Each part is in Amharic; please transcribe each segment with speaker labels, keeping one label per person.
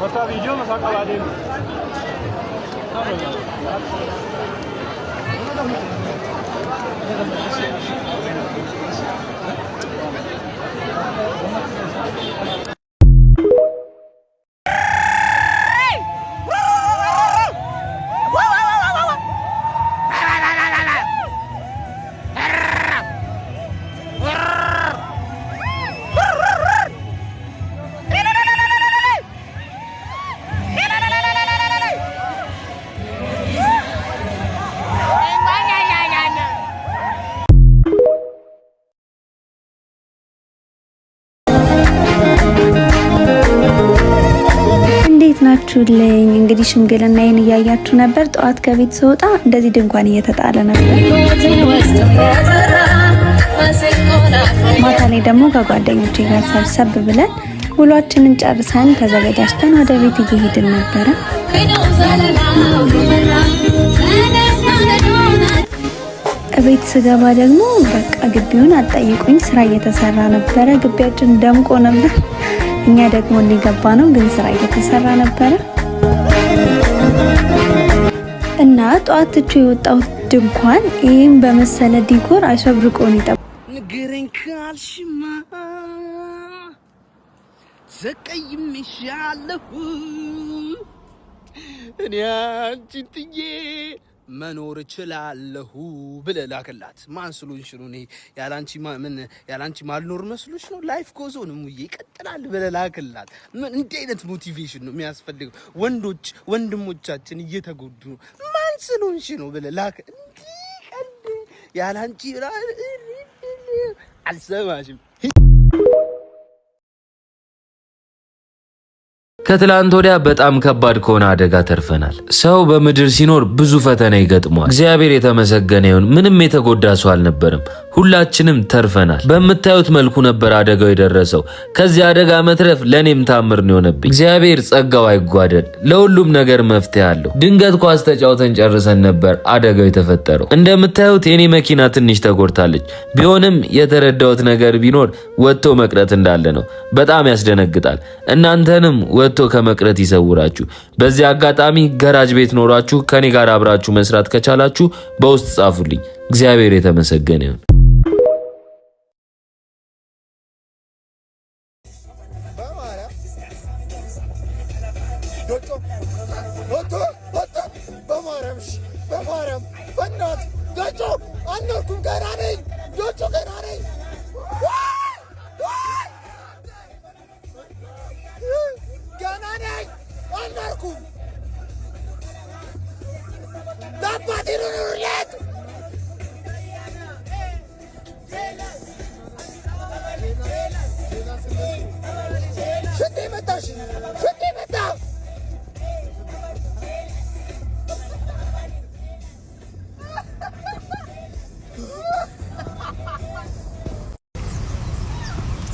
Speaker 1: Mas tá vídeo, mas tá caladinho. Tá,
Speaker 2: ናችሁልኝ? እንግዲህ ሽምግልና እያያችሁ ነበር። ጠዋት ከቤት ስወጣ እንደዚህ ድንኳን እየተጣለ ነበር። ማታ ላይ ደግሞ ከጓደኞች ጋር ሰብሰብ ብለን ውሏችንን ጨርሰን ተዘጋጃጅተን ወደ ቤት እየሄድን ነበረ። ቤት ስገባ ደግሞ በቃ ግቢውን አጠይቁኝ፣ ስራ እየተሰራ ነበረ። ግቢያችን ደምቆ ነበር። እኛ ደግሞ ሊገባ ነው፣ ግን ስራ እየተሰራ ነበረ እና ጠዋት ትቼ የወጣሁት ድንኳን ይህም በመሰለ ዲኮር አሸብርቆን ይጠ ንገረኝ ካልሽማ ዘቀይም ይሻለሁ እኔ አንቺን ትዬ መኖር እችላለሁ ብለ ላክላት። ማን ስሉልሽ ነው? እኔ ያላንቺ ምን ያላንቺ ማልኖር መስሉሽ ነው? ላይፍ ጎዞ
Speaker 3: ነው ሙዬ ይቀጥላል ብለህ ላክላት። ምን እንዲህ አይነት ሞቲቬሽን ነው የሚያስፈልገው? ወንዶች ወንድሞቻችን እየተጎዱ ነው። ማን ስሉልሽ ነው ብለህ ላክ። እንዲህ ቀልድ ያላንቺ አልሰማሽም ከትላንት ወዲያ በጣም ከባድ ከሆነ አደጋ ተርፈናል። ሰው በምድር ሲኖር ብዙ ፈተና ይገጥመዋል። እግዚአብሔር የተመሰገነ ይሁን፣ ምንም የተጎዳ ሰው አልነበረም። ሁላችንም ተርፈናል። በምታዩት መልኩ ነበር አደጋው የደረሰው። ከዚህ አደጋ መትረፍ ለእኔም ታምር ነው የሆነብኝ። እግዚአብሔር ጸጋው አይጓደል። ለሁሉም ነገር መፍትሄ አለው። ድንገት ኳስ ተጫውተን ጨርሰን ነበር አደጋው የተፈጠረው። እንደምታዩት የኔ መኪና ትንሽ ተጎድታለች። ቢሆንም የተረዳሁት ነገር ቢኖር ወጥቶ መቅረት እንዳለ ነው። በጣም ያስደነግጣል። እናንተንም ወጥቶ ወጥቶ ከመቅረት ይሰውራችሁ። በዚህ አጋጣሚ ገራጅ ቤት ኖሯችሁ ከኔ ጋር አብራችሁ መስራት ከቻላችሁ በውስጥ ጻፉልኝ። እግዚአብሔር የተመሰገነ ይሁን። ገና ነኝ ገና ነኝ አልተማርኩ
Speaker 4: ለአባቴ ኑሩለት። ሽንቴ መጣሽ፣ ሽንቴ መጣ።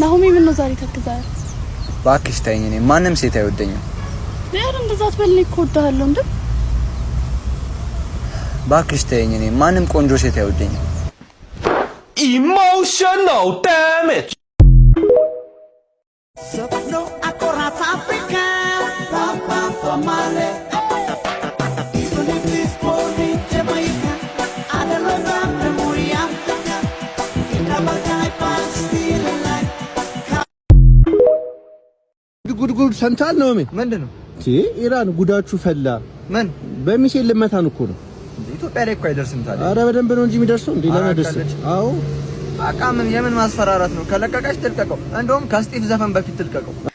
Speaker 4: ናሆሜ ምን ነው ዛሬ ተክዛል?
Speaker 5: እባክሽ ተይኝ፣ እኔ ማንም ሴት አይወደኝም።
Speaker 4: ቢያር እንደዛት በልኝ እኮ እወድሃለሁ እንዴ
Speaker 5: እባክሽ ተይኝ እኔ ማንም ቆንጆ ሴት አይወደኝም ኢሞሽናል ዳሜጅ
Speaker 6: ጉድጉድ ሰምተሃል ነው ምን ምንድን ነው ኢራን ጉዳቹ ፈላ። ምን በሚሳኤል ልመታን እኮ ነው።
Speaker 7: ኢትዮጵያ ላይ እኮ አይደርስም። ታዲያ
Speaker 6: አረ በደንብ ነው እንጂ የሚደርሰው። እንዴ ለምን አይደርስም? አዎ
Speaker 7: በቃ ምን የምን ማስፈራራት ነው? ከለቀቀች ትልቀቀው። እንደውም ከስጢፍ ዘፈን በፊት ትልቀቀው።